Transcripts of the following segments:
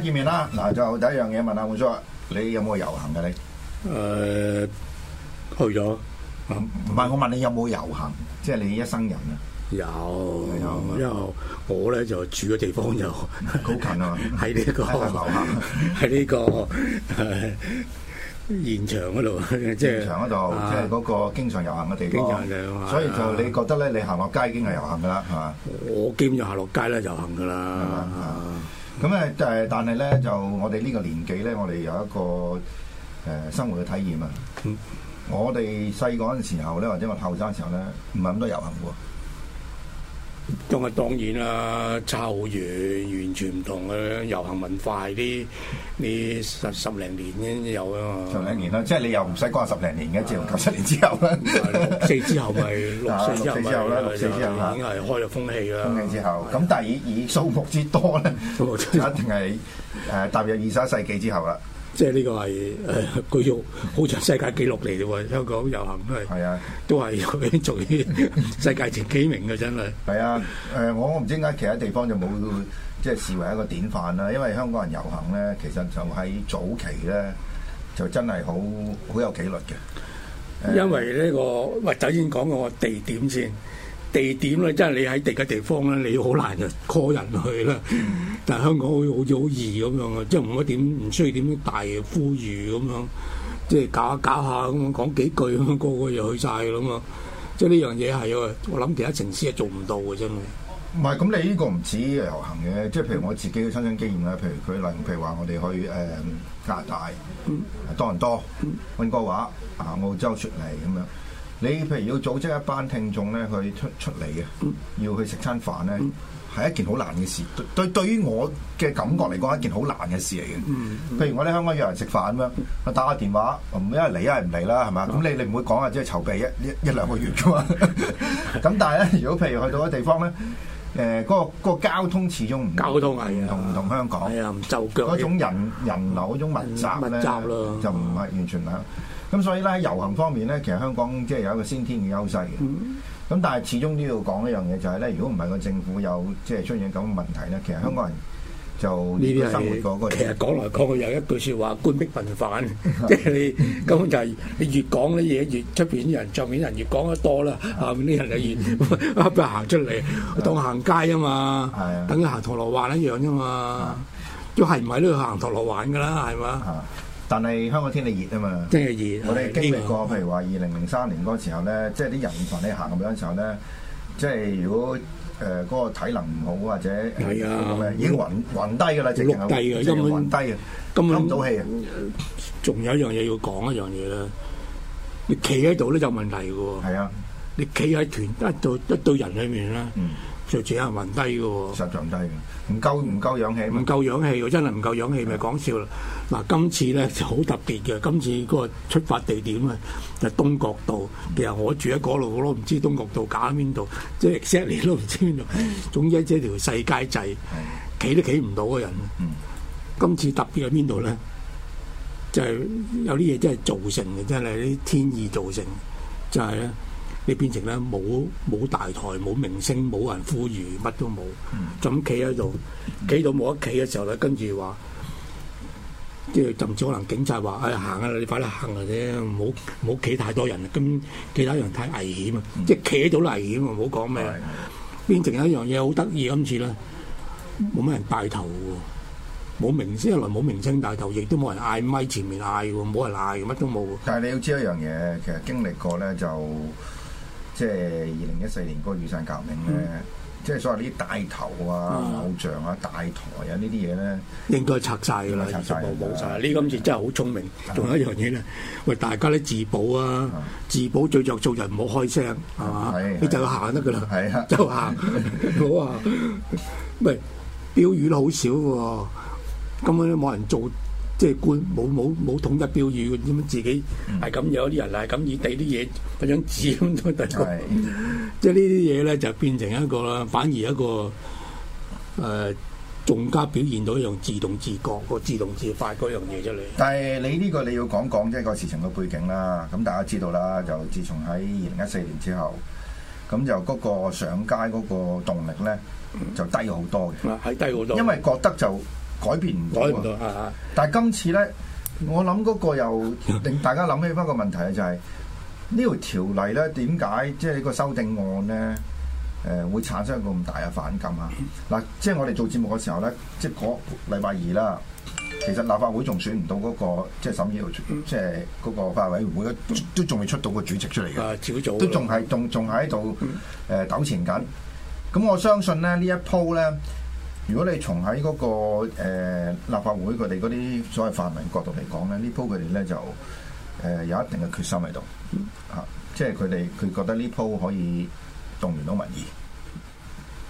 見面啦，嗱就第一樣嘢問阿滿叔，你有冇遊行嘅？你誒去咗？唔係我問你有冇遊行，即係你一生人啊？有有，因為我咧就住嘅地方就好近啊，喺呢個遊行喺呢個現場嗰度，現場嗰度即係嗰個經常遊行嘅地方。所以就你覺得咧，你行落街已經係遊行噶啦，係嘛？我基本上行落街咧遊行噶啦。咁咧誒，但係咧就我哋呢個年紀咧，我哋有一個誒、呃、生活嘅體驗啊！嗯、我哋細個嗰陣時候咧，或者話後生嗰陣時候咧，唔係咁多遊行喎。咁啊，當然啦，差好遠，完全唔同嘅遊行文化啲，呢十十零年先有啊嘛，十零年啦，即係你又唔使講十零年嘅，即係 九十年之後啦，四之後咪六四之後啦，六四之後已經係開咗風氣啦。之後，咁的但係以 以數目之多咧，一定係誒踏入二十一世紀之後啦。即係呢個係誒，佢要好長世界紀錄嚟嘅喎，香港遊行都係，啊、都係佢做啲世界前幾名嘅真係。係啊，誒、呃，我我唔知點解其他地方就冇 即係視為一個典範啦，因為香港人遊行咧，其實就喺早期咧，就真係好好有紀律嘅。因為呢、呢個，喂、呃，首先講個地點先。地點咧，即係你喺地嘅地方咧，你好難就 call 人去啦。但係香港好好易咁樣啊，即係唔乜點，唔需要點大呼籲咁樣，即係搞下搞下咁講幾句，個個就去晒啦嘛。即係呢樣嘢係我諗其他城市係做唔到嘅，真嘅。唔係咁，你呢個唔止遊行嘅，即係譬如我自己嘅親身經驗咧，譬如佢例如譬如話我哋去誒、呃、加拿大、多倫多、温哥華、啊澳洲出、雪梨咁樣。你譬如要組織一班聽眾咧去出出嚟嘅，要去食餐飯咧，係一件好難嘅事。對對，對於我嘅感覺嚟講，係一件好難嘅事嚟嘅。譬如我哋香港約人食飯咁樣，我打下電話，唔一係嚟一係唔嚟啦，係嘛？咁你你唔會講啊，即係籌備一一一兩個月噶嘛？咁 但係咧，如果譬如去到啲地方咧，誒、呃、嗰、嗰個嗰個交通始終唔，交通係唔同同香港，係啊、哎，唔就腳嗰種人人流嗰種密集咧，就唔係完全係。 咁、嗯、所以咧喺遊行方面咧，其實香港即係有一個先天嘅優勢嘅。咁但係始終都要講一樣嘢，就係咧，如果唔係個政府有即係出現咁嘅問題咧，其實香港人就點樣生活？嗰個其實講來講去有一句説話：官逼民反。 即係你根本就係你越講啲嘢，越出邊啲人、上面人越講得多啦，後面啲人就越行出嚟， 當行街啊嘛。係啊、嗯，等行銅鑼灣一樣啊嘛。都係唔係都要行銅鑼灣噶啦？係嘛。 但係香港天氣熱啊嘛，即係熱，我哋經歷過，譬的如話二零零三年嗰時候咧，的即係啲人羣你行咁樣時候咧，即係如果誒嗰、呃那個體能唔好或者係啊，呃、的已經暈暈低㗎啦，整係低㗎，即係暈低啊，吸唔到氣啊，仲有一樣嘢要講一樣嘢啦，你企喺度咧就有問題㗎喎，啊的，你企喺團一到一堆人裏面啦。嗯就自己人暈低嘅喎，實撞低，唔夠唔夠氧氣，唔夠氧氣，真係唔夠氧氣咪講的笑啦！嗱，今次咧就好特別嘅，今次個出發地點啊，就是、東角道，其實我住喺嗰度，我都唔知東角道搞喺邊度，即係 exactly 都唔知邊度。總之即係條細街仔，企都企唔到嘅人。的今次特別喺邊度咧？就係、是、有啲嘢真係造成嘅，真係啲天意造成，就係、是、咧。你變成咧冇冇，大台冇明星冇人呼籲乜都冇，就咁企喺度，企到冇得企嘅時候咧，跟住話，即係甚至可能警察話：哎行啊，你快啲行啊，啫！唔好唔好企太多人啊，咁其他人太危險啊，即係企喺度都危險啊！唔好講咩，變成有一樣嘢好得意今次咧，冇乜人帶頭喎，冇明星一來冇明星帶頭，亦都冇人嗌咪前面嗌喎，冇人嗌，乜都冇。但係你要知一樣嘢，其實經歷過咧就。即係二零一四年嗰個雨傘革命咧，即係所謂呢啲大頭啊、偶像啊、大台啊呢啲嘢咧，應該拆晒㗎啦，冇曬啦！呢今次真係好聰明，仲有一樣嘢咧，喂，大家都自保啊！自保最著做人唔好開聲，係嘛？你就行得噶啦，就行，好啊，咪標語都好少喎，根本都冇人做。即係官冇冇冇統一標語嘅，咁自己係咁，有啲人係咁以地啲嘢，份張紙咁樣遞過。係，即係呢啲嘢咧就變成一個，反而一個誒，仲、呃、加表現到一樣自動自覺、個自動自發嗰樣嘢出嚟。但係你呢個你要講講即係個事情個背景啦。咁大家知道啦，就自從喺二零一四年之後，咁就嗰個上街嗰個動力咧就低好多嘅。係低好多，因為覺得就。改變唔到，但係今次呢，啊、我諗嗰個又令大家諗起翻個問題，就係呢條條例呢，點解即係呢個修訂案呢，誒、呃、會產生咁大嘅反感、嗯、啊？嗱，即係我哋做節目嘅時候呢，即係嗰禮拜二啦，其實立法會仲選唔到嗰、嗰個即係審議，即係嗰個法委員會都仲未出到個主席出嚟嘅，都仲係仲仲喺度誒糾纏緊。咁、嗯、我相信呢，呢一鋪呢。呢呢如果你從喺嗰個立法會佢哋嗰啲所謂泛民角度嚟講咧，呢鋪佢哋咧就誒有一定嘅決心喺度，嚇、嗯啊，即係佢哋佢覺得呢鋪可以動員到民意。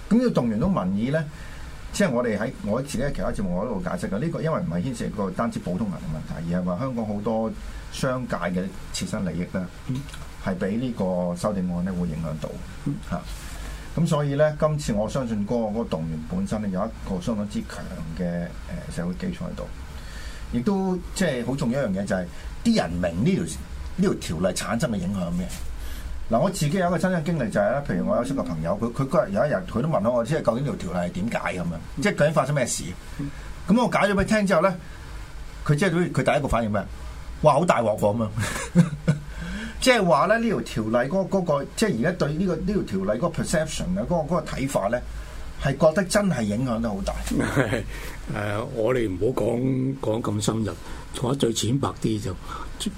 咁要動員到民意咧，即係我哋喺我喺其喺其他節目我都喺度解釋嘅，呢、呢個因為唔係牽涉個單止普通人嘅問題，而係話香港好多商界嘅切身利益咧，係俾呢個修訂案咧會影響到嚇。啊。咁所以咧，今次我相信嗰個嗰個動員本身咧有一個相當之強嘅誒社會基礎喺度，亦都即係好重要一樣嘢就係、是、啲人明呢條呢條條例產生嘅影響咩？嗱，我自己有一個親身經歷就係、是、咧，譬如我有識個朋友，佢佢嗰日有一日佢都問我，即係究竟條條例係點解咁樣？即、就、係、是、究竟發生咩事？咁、嗯、我解咗俾佢聽之後咧，佢即係佢第一個反應咩？哇！好大鑊咁啊！嗯 即係話咧呢條、這個、條例嗰、那個即係而家對呢個呢條、這個、條例嗰 per、那個 perception 啊，嗰、這個個睇法咧，係覺得真係影響得好大。誒、 呃，我哋唔好講講咁深入，講得最淺白啲就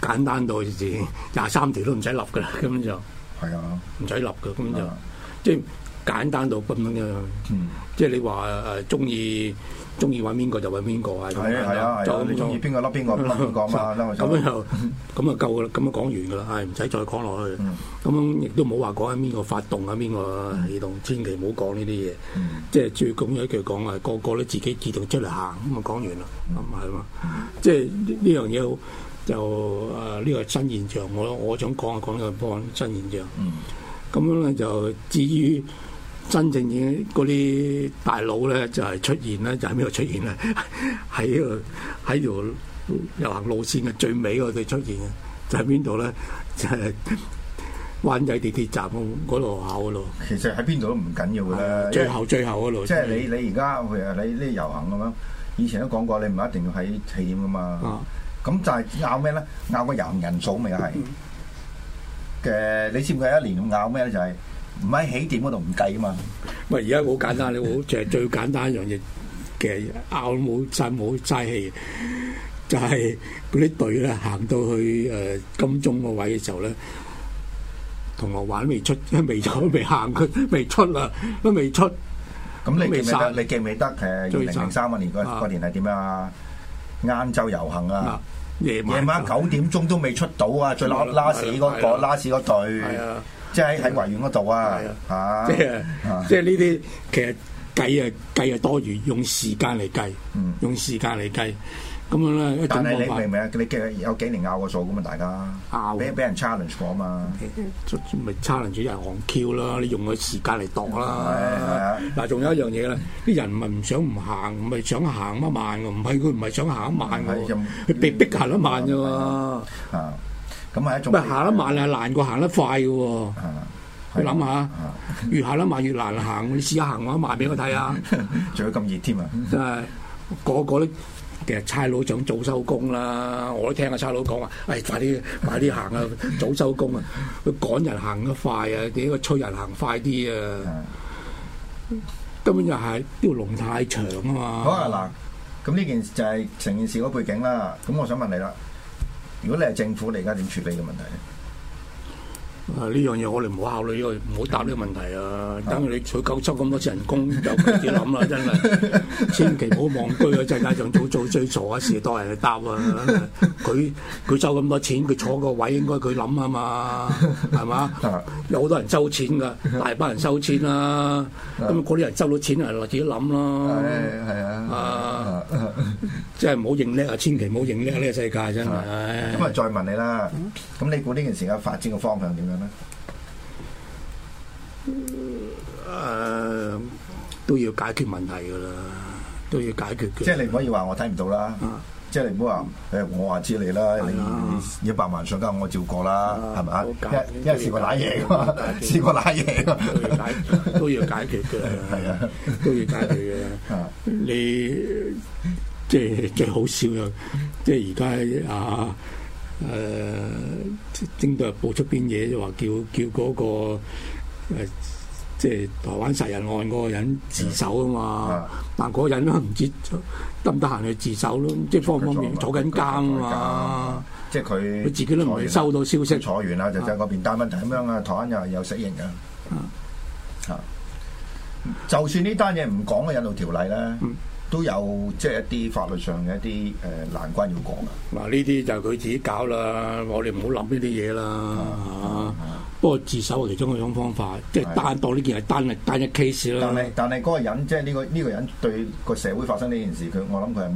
簡單到、就是，好似廿三條都唔使立噶啦，根本就係啊，唔使立噶，根本就、啊、就即係。簡單到咁樣嘅，即係你話誒中意中意揾邊個就揾邊個啊？係啊係啊，就咁你中意邊個笠邊個笠邊個啊嘛？咁樣又咁啊夠噶啦，咁啊講完噶啦，係唔使再講落去。咁亦都冇話講緊邊個發動啊，邊個起動，千祈唔好講呢啲嘢。即係、嗯、最咁樣一句講啊，個個都自己自動出嚟行，咁啊講完啦，咁係嘛？即係呢樣嘢好就誒呢個新現，新現象，我我想講下講呢個幫新現象。咁樣咧就至於。真正嘅嗰啲大佬咧，就係出現咧，就喺邊度出現咧？喺呢度喺條遊行路線嘅最尾嗰度出現嘅，就喺邊度咧？就係灣仔地鐵站嗰個路口嗰度。其實喺邊度都唔緊要啦，最後最後嗰度。即係你你而家譬如，你呢遊行咁樣，以前都講過，你唔係一定要喺起點噶嘛。啊！咁就係拗咩咧？拗個遊行人數咪係。嘅，你知唔知一年拗咩咧？就係。唔喺起點嗰度唔計噶嘛，喂！而家好簡單咧，好就係最簡單一樣嘢嘅，拗冇爭冇齋氣，就係嗰啲隊咧行到去誒金鐘個位嘅時候咧，同學玩未出，未走，未行，佢未出啊，都未出。咁你記唔記得？你記唔記得？誒，二零零三年嗰年係點啊？晏晝遊行啊，夜晚九點晚鐘都未出到啊！最拉拉死嗰個，拉死嗰隊。是的即喺喺維園嗰度啊！即係即係呢啲，其實計啊計啊多餘，用時間嚟計，用時間嚟計，咁樣咧。但係你明唔明啊？你計有幾年拗個數咁嘛？大家拗俾俾人 challenge 講嘛，咪 challenge 人行 Q 啦！你用個時間嚟度啦。嗱，仲有一樣嘢咧，啲人咪唔想唔行，咪想行、嗯、得慢？唔係佢唔係想行得慢，佢被逼行得慢㗎喎。啊咁係一種，唔行得慢啊，難過行得快嘅喎、啊。你諗、嗯、下，嗯嗯、越行得慢越難行。你試下行下慢俾佢睇啊！仲 有咁熱添啊！真係個個都其實差佬想早收工啦，我都聽阿差佬講話，誒、哎、快啲快啲行啊， 早收工啊，佢趕人行得快啊，點個催人行快啲啊！根本就係條龍太長啊嘛。好啊嗱，咁呢件就係成件事嗰背景啦。咁我想問你啦。如果你係政府，你而家點處理嘅問題啊？呢、 uh, 樣嘢我哋唔好考慮，因為唔好答呢個問題啊！Uh, 等佢你取交收咁多錢人工就開始諗啦，真係 千祈唔好望堆啊，世界上做做最傻嘅事，當人嚟答啊！佢佢收咁多錢，佢坐個位應該佢諗啊嘛，係嘛？Uh, 有好多人收錢噶，大班人收錢啦，咁嗰啲人收到錢係自己諗啦。係啊！即係唔好認叻啊！千祈唔好認叻，呢個世界真係。咁啊，再問你啦。咁你估呢件事情發展嘅方向點樣咧？誒，都要解決問題噶啦，都要解決嘅。即係你唔可以話我睇唔到啦。即係你唔好話誒，我話知你啦。你一百萬上街我照過啦，係咪啊？因為試過瀨嘢噶嘛，試過瀨嘢都要解決嘅。係啊，都要解決嘅。你。即係最好笑又，即係而家啊，誒、啊，正在報出邊嘢就話叫叫嗰、嗰個、啊、即係台灣殺人案嗰個人自首啊嘛，的但嗰個人都唔知得唔得閒去自首咯，的即係方唔方便面坐緊監啊嘛，即係佢自己都未收到消息，坐完啦就就嗰邊單問題咁樣啊，的台灣又係有死刑噶，啊的的，就算呢單嘢唔講嘅引渡條例咧。嗯都有即係、就是、一啲法律上嘅一啲誒難關要過嘅。嗱呢啲就係佢自己搞啦，我哋唔好諗呢啲嘢啦。啊，啊不過自首係其中一種方法，即、就、係、是、單、啊、當呢件係單一單一 case 啦。但係但係嗰個人即係呢個呢、呢個人對個社會發生呢件事，佢我諗佢係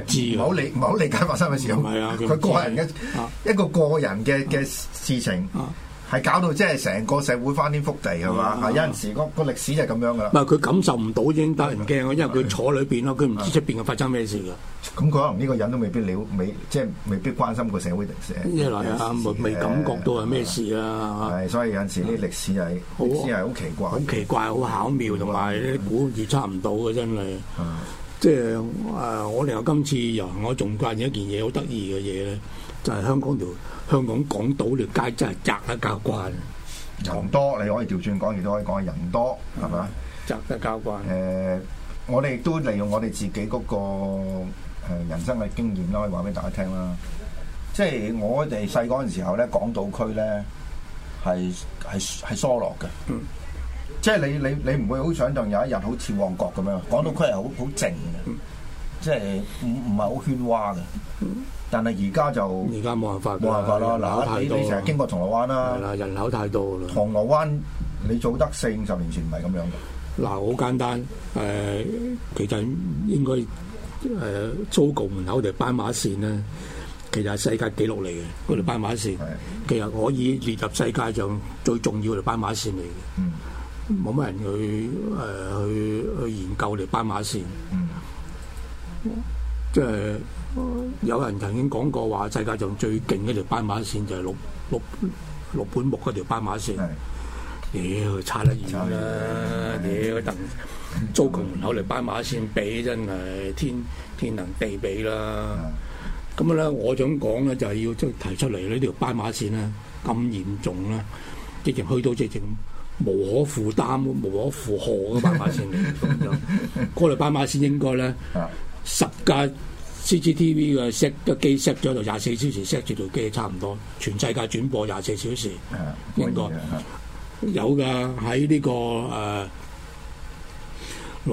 冇即係冇理冇理解發生嘅事。唔係啊，佢、啊、個人嘅、啊、一個個人嘅嘅事情。啊啊啊係搞到即係成個社會翻天覆地，係嘛？有陣時個歷史就係咁樣噶。唔係佢感受唔到，已經得人驚，因為佢坐裏邊咯，佢唔知出邊嘅發生咩事噶。咁佢可能呢個人都未必了，未即係未必關心個社會歷史。因為啊，未未感覺到係咩事啊。係所以有陣時啲歷史係，歷史係好奇怪，好奇怪，好巧妙，同埋你估預測唔到嘅真係。即係誒、呃，我哋又今次又我仲掛住一件嘢，好得意嘅嘢咧，就係、是、香港條香港港島條街真係窄得交關，人多你可以調轉講，亦都可以講係人多，係嘛、嗯？吧窄得交關。誒、呃，我哋都利用我哋自己嗰個人生嘅經驗啦，可以話俾大家聽啦。即係我哋細個嗰陣時候咧，港島區咧係係係疏落嘅。嗯即係你你你唔會好想象有一日好似旺角咁樣，講到佢係好好靜嘅，即係唔唔係好喧嘩嘅。但係而家就而家冇辦法冇辦法啦。嗱，你你成日經過銅鑼灣啦，人口太多啦。銅鑼灣，灣你做得四五十年前唔係咁樣嘅。嗱，好簡單誒、呃，其實應該誒崇光門口條斑馬線咧，其實係世界紀錄嚟嘅嗰條斑馬線，嗯、其實可以列入世界上最重要條斑馬線嚟嘅。嗯冇乜人去誒、呃、去去研究嚟斑馬線，即係、嗯、有人曾經講過話，世界上最勁一條斑馬線就係六六六本木嗰條斑馬線。妖的、欸、差得遠啦！妖的、欸、等租窮門口嚟斑馬線比真係天天能地比啦。咁啊咧，我想講咧就係、是、要即係提出嚟呢條斑馬線啊，咁嚴重啦，一直去到即係無可負擔、無可負荷嘅斑馬線嚟，咁就過嚟斑馬線應該咧，十 架 CCTV 嘅 set 架機 set 咗喺度，廿四小時 set 住條機差唔多，全世界轉播廿四小時，應該有㗎、這個。喺呢個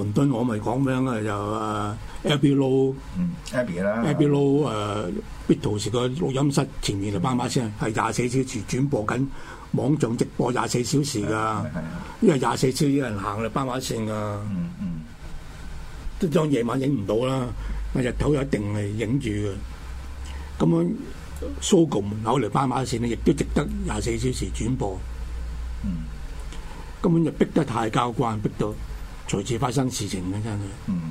誒，倫敦我咪講咩？啊，就誒。呃 Abbey Road 嗯 Abbey 啦，Abbey Road，Beatles 個、uh, 錄音室前面嘅斑馬線係廿四小時轉播緊網上直播廿四小時㗎，嗯嗯、因為廿四小時有人行嘅斑馬線啊，嗯嗯，嗯都當夜晚影唔到啦，日頭一定係影住嘅，咁樣 Sogo 門口嚟斑馬線亦都值得廿四小時轉播，嗯，根本就逼得太交關，逼到隨時發生事情嘅真係，嗯。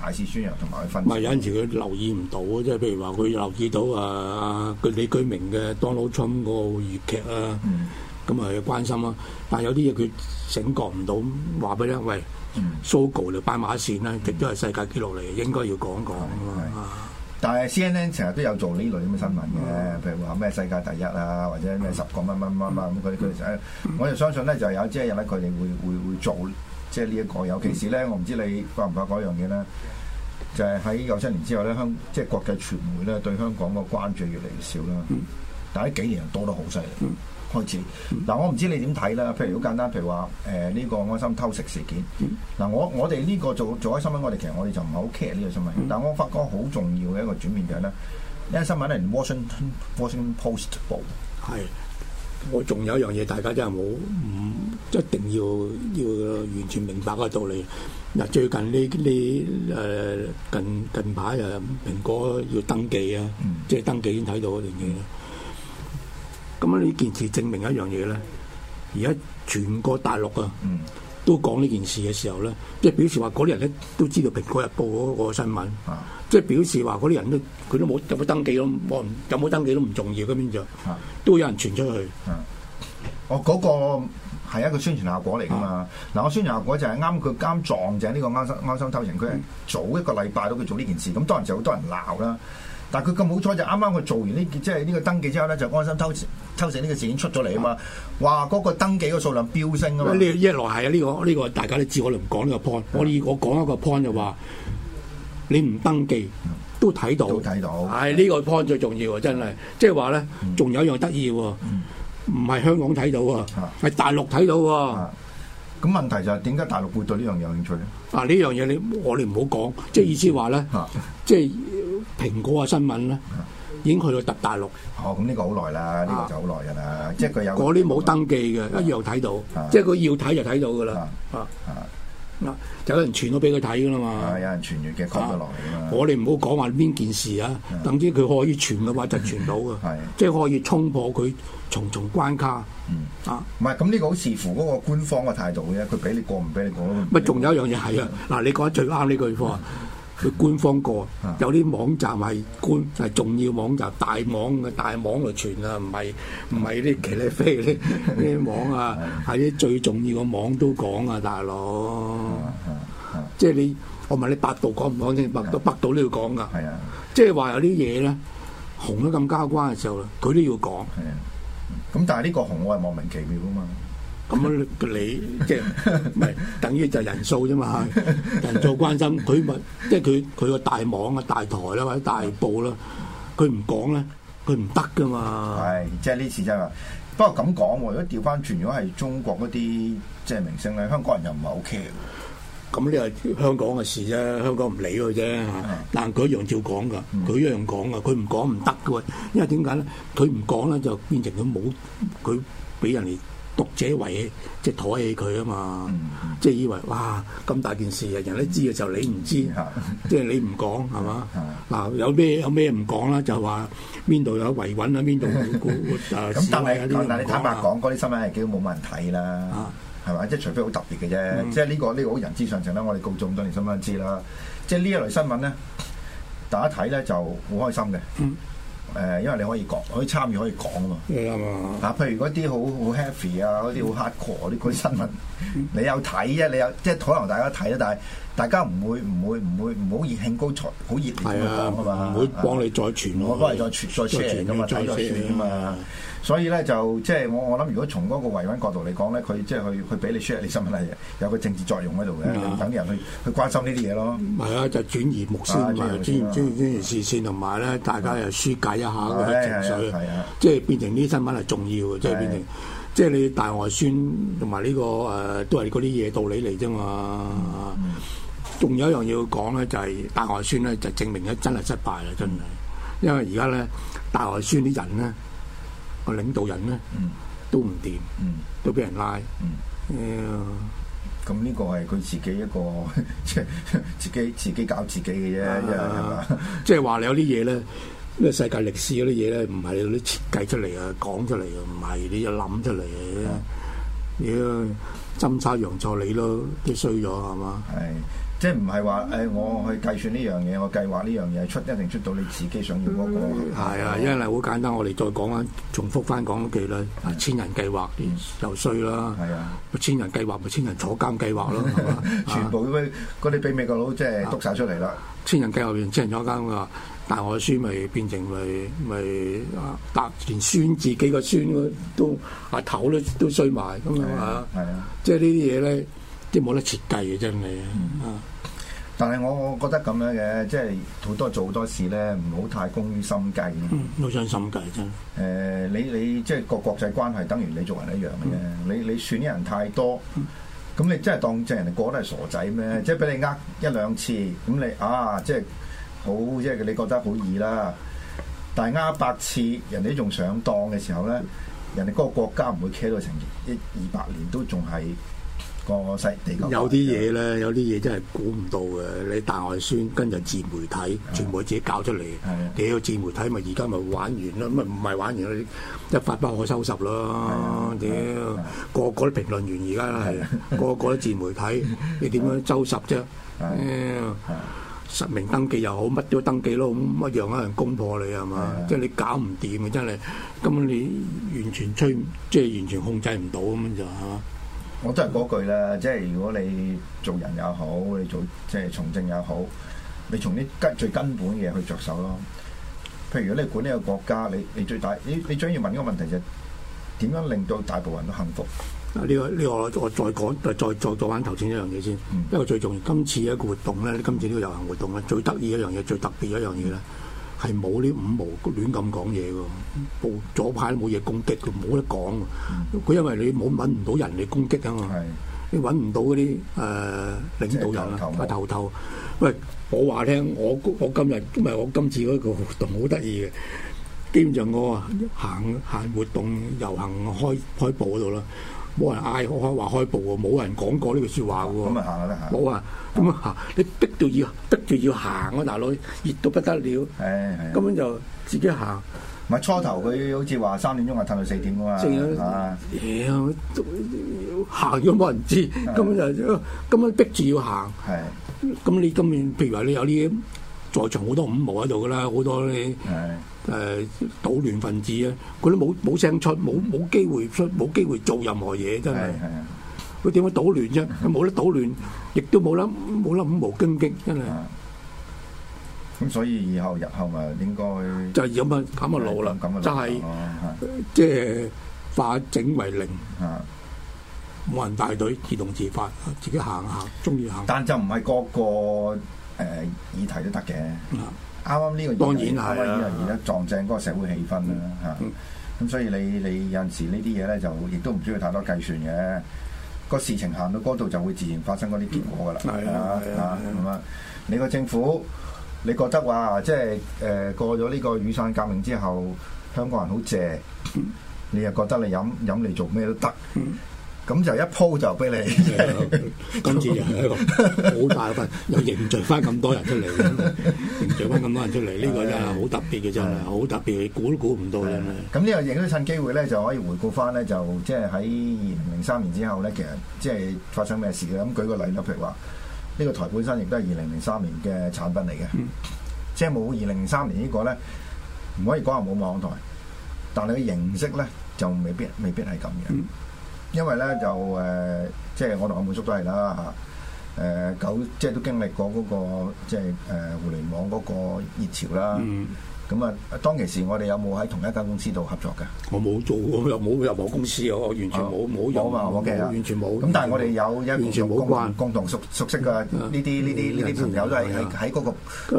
大肆宣揚同埋佢分，唔係有陣時佢留意唔到即係譬如話佢留意到啊，佢李居明嘅《Donald Trump》個粵劇啊，咁啊要關心啊。但係有啲嘢佢醒覺唔到，話俾你聽，喂，Sogo 條斑馬線咧、啊，亦、嗯、都係世界紀錄嚟嘅，應該要講一講、啊、但係 C N N 成日都有做呢類咁嘅新聞嘅，譬如話咩世界第一啊，或者咩十個乜乜乜乜咁。佢佢就，我就相信咧，就係有啲人咧，佢哋會會會做。即係呢一個，尤其是咧，我唔知你發唔發覺一樣嘢咧，就係喺九七年之後咧，香即係國際傳媒咧對香港嘅關注越嚟越少啦。但係呢幾年多得好犀利。開始，嗱，但我唔知你點睇啦。譬如好簡單，譬如話誒呢個安心偷食事件。嗱，我我哋呢個做做開新聞，我哋其實我哋就唔係好 care 呢個新聞。但係我發覺好重要嘅一個轉變就係、是、咧，呢單新聞咧 Was，Washington Post 報，係我仲有一樣嘢，大家真係冇唔。一定要要完全明白個道理。嗱，最近你你誒近近排啊，蘋果要登記啊，嗯、即係登記先睇到嗰段嘢。咁啊，呢件事證明一樣嘢咧。而家全個大陸啊，嗯、都講呢件事嘅時候咧，即係表示話嗰啲人咧都知道蘋果日報嗰個新聞。啊、即係表示話嗰啲人都佢都冇有冇登記咯，有冇登記都唔重要咁樣就，啊、都有人傳出去。我嗰、啊哦嗰個。係一個宣傳效果嚟噶嘛？嗱、嗯，我、那個、宣傳效果就係啱佢啱撞正呢個啱心啱心偷情，佢早一個禮拜都佢做呢件事，咁當然就好多人鬧啦。但係佢咁好彩就啱啱佢做完呢件，即係呢個登記之後咧，就安心偷偷成呢個事件出咗嚟啊嘛！哇，嗰、那個登記嘅數量飆升啊嘛！呢一來係啊，呢、這個呢、這個這個大家都知，我哋唔講呢個 point。我我講一個 point 就話，你唔登記都睇到，睇到係呢、哎這個 point 最重要，真係即係話咧，仲、就是、有一樣得意喎。嗯嗯唔係香港睇到啊，係大陸睇到喎。咁問題就係點解大陸會對呢樣有興趣咧？啊，呢樣嘢你我哋唔好講，即係意思話咧，即係蘋果嘅新聞咧，已經去到揼大陸。哦，咁呢個好耐啦，呢個就好耐㗎啦。即係佢有嗰啲冇登記嘅一樣睇到，即係佢要睇就睇到㗎啦。啊。嗱、啊，有人傳咗俾佢睇噶啦嘛，有人傳完嘅，講咗落嚟我哋唔好講話邊件事啊，啊等於佢可以傳嘅話就傳到嘅， 的即係可以衝破佢重重關卡、嗯、啊。唔係、嗯，咁呢個好視乎嗰個官方嘅態度嘅，佢俾你過唔俾你講咯。咪仲、啊、有一樣嘢係啊，嗱，你講得最啱呢句話。 佢官方過，有啲網站係官係重要網站，大網嘅大網嚟傳啊，唔係唔係啲騎呢飛啲啲網啊，係啲最重要嘅網都講啊，大佬。即係你，我問你百度講唔講先？百度百度都要講噶。係啊，即係話有啲嘢咧紅得咁交關嘅時候咧，佢都要講。係啊，咁但係呢個紅我係莫名其妙㗎嘛。咁樣你即係唔係等於就係人數啫嘛？ 人數關心佢咪即係佢佢個大網啊、大台啦、大報啦，佢唔講咧，佢唔得噶嘛。係即係呢次真啊。不過咁講喎，如果調翻轉，如果係中國嗰啲即係明星咧，香港人又唔係 OK a 嘅。咁呢個香港嘅事啫，香港唔理佢啫。嗯、但佢一樣照講噶，佢一樣講噶，佢唔講唔得噶喎。因為點解咧？佢唔講咧，就變成佢冇佢俾人哋。讀者為即係抬起佢啊嘛，即係以為哇咁大件事，人人都知嘅時候你唔知，即係你唔講係嘛？嗱有咩有咩唔講啦？就係話邊度有維穩啊？邊度啊？咁但係嗱，你坦白講，嗰啲新聞係幾冇人睇啦，係嘛？即係除非好特別嘅啫。即係呢個呢個好人之常情啦。我哋告咗咁多年新聞知啦。即係呢一類新聞咧，大家睇咧就好開心嘅。誒，因為你可以講，可以參與，可以講啊嘛。 啊，譬如嗰啲好好 happy 啊，嗰啲好 hardcore 嗰啲嗰啲新聞。 你有睇啫，你有即係可能大家睇啦，但係大家唔會唔會唔會唔好熱興高采，好熱嚟咁嘛，唔會幫你再傳，我都係再傳再傳咁啊，嘛。所以咧就即係我我諗，如果從嗰個維穩角度嚟講咧，佢即係去去俾你 share 啲新聞係有個政治作用喺度嘅，等啲人去去關心呢啲嘢咯。係啊，就轉移目光，轉轉轉視線，同埋咧大家又舒解一下嘅情緒，即係變成呢啲新聞係重要嘅，即係變成。即係你大外宣同埋呢個誒、呃，都係嗰啲嘢道理嚟啫嘛。仲、嗯嗯、有一樣要講咧，就係大外宣咧，就證明咧真係失敗啦，真係。因為而家咧，大外宣啲人咧，個領導人咧、嗯、都唔掂，嗯、都俾人拉。咁呢個係佢自己一個，即係自己自己搞自己嘅啫。即係話你有啲嘢咧。呢世界歷史嗰啲嘢咧，唔係你啲設計出嚟啊，講出嚟啊，唔係、啊、你就諗出嚟嘅，妖針，差陽錯，你都都衰咗係嘛？係即係唔係話誒，我去計算呢樣嘢，我計劃呢樣嘢出，一定出到你自己想要嗰個。係啊，因為係好簡單，我哋再講返，重複翻講幾句。千人計劃又衰啦。係啊，千人計劃咪千人坐監計劃咯，全部嗰啲俾美國佬即係督晒出嚟啦。千人計劃變，千人坐監㗎。但我嘅孫咪變成咪咪啊，搭完孫自己個孫都都頭都都衰埋咁樣啊！係啊，即係呢啲嘢咧，即係冇得設計嘅真係。嗯啊、但係我我覺得咁樣嘅，即係好多做好多事咧，唔好太功於心計。嗯，都真心計真。誒、嗯，你你即係個國際關係，等於你做人一樣嘅啫、嗯。你你選啲人太多，咁、嗯、你真係當正人哋個得係傻仔咩？即係俾你呃一兩次，咁你啊，即、啊、係。就是好，即係你覺得好易啦，但係啱百次人哋仲上當嘅時候咧，人哋嗰個國家唔會 care 到成二百年都仲係個細地。有啲嘢咧，有啲嘢真係估唔到嘅。你大外宣跟住自媒體，全部自己搞出嚟。屌，自媒體咪而家咪玩完咯？咪唔係玩完？一發不可收拾咯！屌，個個都評論員而家係個個都自媒體，你點樣收拾啫？實名登記又好，乜都登記咯，咁乜樣一人攻破你係嘛？是的 即係你搞唔掂嘅真係，咁你完全追，即係完全控制唔到咁樣咋？我都係嗰句啦，即係如果你做人又好，你做即係從政又好，你從啲根最根本嘅嘢去着手咯。譬如如果你管呢個國家，你你最大，你你最要問嘅問題就點樣令到大部分人都幸福？啊！呢個呢個，我我再講，再再再做返頭先一樣嘢先。因為最重要，今次一個活動咧，今次呢個遊行活動咧，最得意一樣嘢，最特別一樣嘢咧，係冇呢五毛亂咁講嘢噶。部左派冇嘢攻擊，佢冇得講。佢因為你冇揾唔到人嚟攻擊啊嘛，你揾唔到嗰啲誒領導人啊頭頭。喂，我話聽，我我今日唔係我今次嗰個活動好得意嘅，基本上我行行活動遊行開開步嗰度啦。冇人嗌我可話開步喎，冇人講過呢句説話喎。冇啊，咁啊，你逼到要逼住要行啊，大佬，熱到不得了，根本是就自己行。唔係初頭佢好似話三點鐘點要啊，褪到四點噶嘛，仲要行咗、啊、冇人知，根本就根本逼住要行。咁你今年譬如話你有啲。在場好多五毛喺度噶啦，好多啲誒搗亂分子啊，佢都冇冇聲出，冇冇機會出，冇機會做任何嘢，真係。佢點樣搗亂啫？佢冇得搗亂，亦都冇得冇得五毛攻擊，真係。咁所以以後日後咪應該就係咁啊，咁嘅路啦，就係即係化整為零，冇人帶隊，自動自發，自己行行中意行。但就唔係個個。誒、呃、議題都得嘅，啱啱呢個議題當然，啱啱呢個而家撞正嗰個社會氣氛啦嚇，咁、啊啊、所以你、啊、你有陣時呢啲嘢咧就亦都唔需要太多計算嘅，個事情行到嗰度就會自然發生嗰啲結果噶啦。係啊，係啊，咁啊，你個政府，你覺得話即係誒、呃、過咗呢個雨傘革命之後，香港人好借，你又覺得你飲飲嚟做咩都得？ 咁就一鋪就俾你、 嗯，今次又好大一份， 又凝聚翻咁多人出嚟，凝聚翻咁多人出嚟，呢 是的 個真係好特別嘅真係，好是的 特別，你估都估唔到嘅。咁呢個亦都趁機會咧，就可以回顧翻咧，就即係喺二零零三年之後咧，其實即係發生咩事嘅。咁舉、like、個例子，譬如話呢、呢個台本身亦都係二零零三年嘅產品嚟嘅，即係冇二零零三年個呢個咧，唔可以講話冇網台，但係嘅形式咧就未必未必係咁樣。r point honeymoon 因為咧就誒、呃，即係我同阿滿叔都係啦吓誒，九、呃、即係都經歷過嗰、那個即係誒、呃、互聯網嗰個熱潮啦。嗯嗯咁啊，當其時我哋有冇喺同一間公司度合作嘅？我冇做，我又冇入冇公司，我完全冇冇用，完全冇。咁但係我哋有一啲完全冇關共同熟熟悉嘅呢啲呢啲呢啲朋友都係喺喺嗰個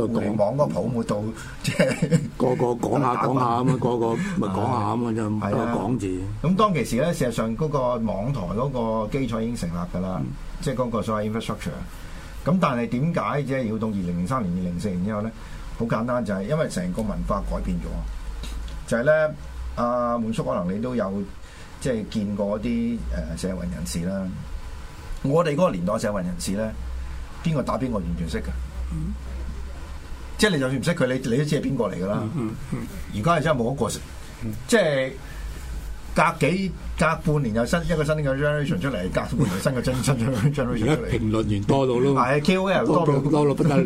互聯網嗰個泡沫度，即係個個講下講下啊嘛，個個咪講下啊嘛，就講住。咁當其時咧，事實上嗰個網台嗰個基礎已經成立㗎啦，即係嗰個所謂 infrastructure。咁但係點解即係要到二零零三年、二零零四年之後咧？好簡單就係、是，因為成個文化改變咗。就係、是、咧，阿、啊、滿叔可能你都有即係、就是、見過啲誒社運人士啦。我哋嗰個年代社運人士咧，邊個打邊個完全識噶。Mm hmm. 即係你就算唔識佢，你你都知係邊個嚟㗎啦。而家係真係冇一個，即係。隔幾隔半年又新一個新嘅 generation 出嚟，隔半年新嘅出 generation 出嚟，評論員多到咯，係啊，KOL 多到多到不得了，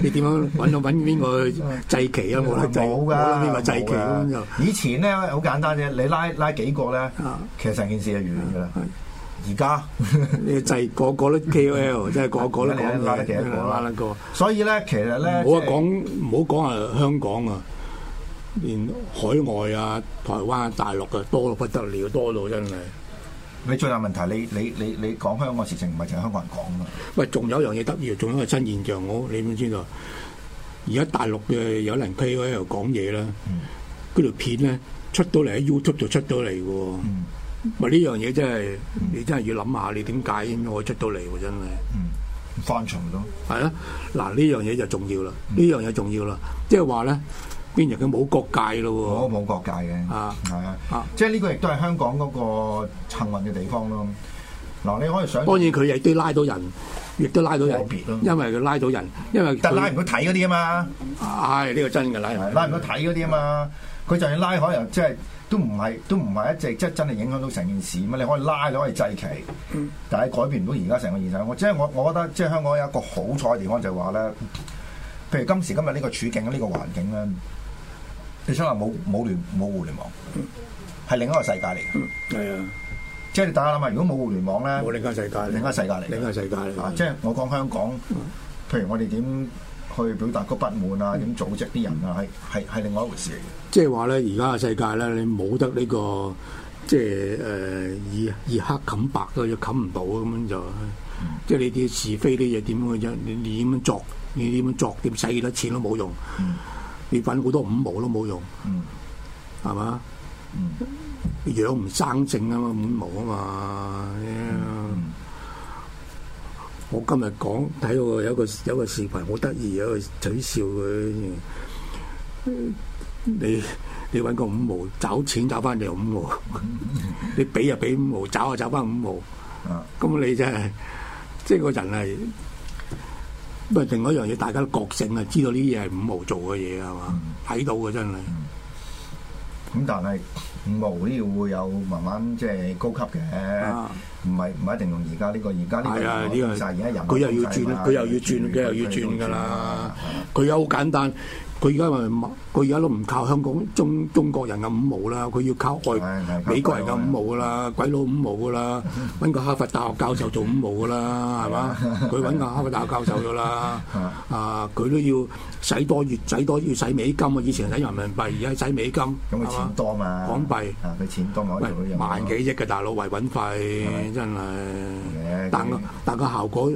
你點樣揾到揾邊個祭旗啊？冇得，冇噶，冇邊個祭旗啊？以前咧好簡單啫，你拉拉幾個咧，其實成件事就完噶啦。而家你制個個都 KOL，即係個個都講拉，拉拉個。所以咧，其實咧，我講唔好講係香港啊。連海外啊、台灣、大陸嘅、啊、多到不得了，多到真係。你最大問題，你你你你，你講香港事情唔係淨係香港人講㗎。喂，仲有一樣嘢得意，仲有一個新現象，我你唔知道。而家大陸嘅有人居喺度講嘢啦，嗰、嗯、條片咧出到嚟喺 YouTube 就出到嚟喎。咪呢、嗯、樣嘢真係你真係要諗下，嗯、你點解可以出到嚟喎？真係、嗯。翻牆囉。係啊，嗱呢樣嘢就重要啦，呢樣嘢重要啦，即係話咧。邊日佢冇國界咯喎！冇國界嘅，係啊，的啊即係呢個亦都係香港嗰個幸運嘅地方咯。嗱，你可以想，當然佢亦都拉到人，亦都拉到，到人，因為佢拉到、哎這個、人，因為但拉唔到睇嗰啲啊嘛。係呢個真嘅，拉拉唔到睇嗰啲啊嘛。佢、嗯、就算拉海人，即係都唔係都唔係一直即係真係影響到成件事嘛。你可以拉都可以祭旗，但係改變唔到而家成個現實。我即係我，我覺得即係香港有一個好彩嘅地方就係話咧，譬如今時今日呢個處境呢、這個環境咧。這個你想話冇冇聯冇互聯網，係另一個世界嚟嘅。係啊，即係你大家諗下，如果冇互聯網咧，另一個世界，另一個世界嚟，另一個世界。啊，即係我講香港，嗯、譬如我哋點去表達個不滿啊，點、嗯、組織啲人啊，係係係另外一回事嚟嘅。即係話咧，而家嘅世界咧，你冇得呢個，即係誒，以以黑冚白都冚唔到咁樣就，即係你啲是非啲嘢點樣嘅啫？你點樣作？你點樣作？點使幾多錢都冇用。嗯嗯你搵好多五毛都冇用，係嘛？你養唔生性啊嘛，五毛啊嘛。Yeah. 嗯、我今日講睇到有個有個視頻好得意，有個取笑佢。你你搵個五毛，找錢找翻你五毛， 你俾就俾五毛，找就找翻五毛。咁、嗯、你真、就、係、是，即、就、係、是、個人係。不過另外一樣嘢，大家都覺醒啊！知道呢啲嘢係五毛做嘅嘢係嘛？睇到嘅真係。咁但係五毛呢會有慢慢即係高級嘅，唔係唔係一定用而家呢個而家呢個呢個而家人，佢又要轉，佢又要轉，佢又要轉㗎啦。佢又好簡單。佢而家咪，佢而家都唔靠香港中中國人嘅五毛啦，佢要靠外美國人嘅五毛噶啦，鬼佬五毛噶啦，揾個哈佛大學教授做五毛噶啦，係嘛？佢揾個哈佛大學教授咗啦，啊，佢都要使多月，使多要使美金啊！以前使人民幣，而家使美金，係嘛？港幣啊，佢錢多嘛？唔係幣萬幾億嘅大佬維穩費，吧真係。但但個效果。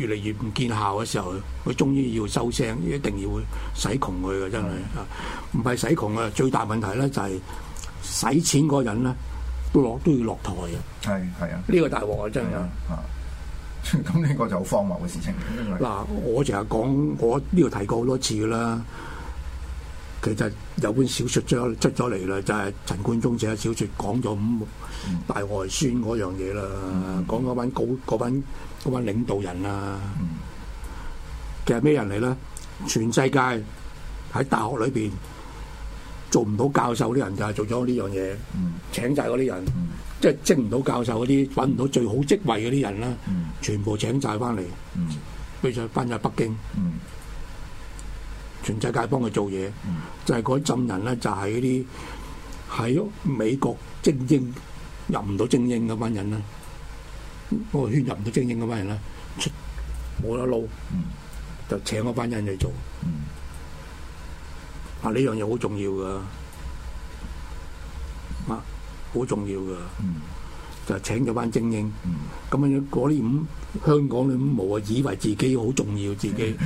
越嚟越唔見效嘅時候，佢終於要收聲，一定要會使窮佢嘅真係啊！唔係使窮啊，最大問題咧就係、係、使錢嗰人咧落都，都要落台嘅。係係啊，呢個大鑊啊真係啊！咁呢、嗯嗯嗯、 個就好荒謬嘅事情。嗱， 我成日講，我呢度提過好多次啦。其實有本小説出出咗嚟啦，就係、是、陳冠中寫嘅小説，講咗五大外宣嗰樣嘢啦，嗯、講嗰班、嗯、班班領導人啦、啊。嗯、其實咩人嚟咧？全世界喺大學裏邊做唔到教授啲人、嗯、人，嗯、就係做咗呢樣嘢。請曬嗰啲人，即係職唔到教授嗰啲，揾唔到最好職位嗰啲人啦、啊，嗯、全部請曬翻嚟，佢就翻入北京。嗯全世界幫佢做嘢，就係、是、嗰陣人咧，就係嗰啲係咯美國精英入唔到精英嗰班人啦，我、那個、圈入唔到精英嗰班人啦，冇得撈，就請嗰班人嚟做。啊，呢樣嘢好重要噶，啊，好重要噶。就請咗班精英，咁、嗯、樣嗰啲咁香港咁冇啊，以為自己好重要，自己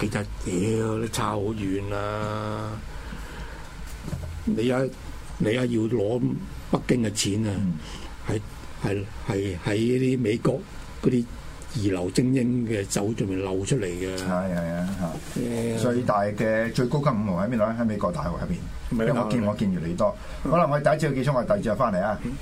其實屌你、欸、差好遠啊！你啊你啊要攞北京嘅錢啊，係係係喺呢啲美國嗰啲二流精英嘅手上面漏出嚟嘅。係係啊，啊啊啊，最大嘅最高級五毛喺邊度？喺美國大學入邊，我見你我見越嚟越多。嗯、好啦，我哋第一次去結束，我哋第二次又翻嚟啊！嗯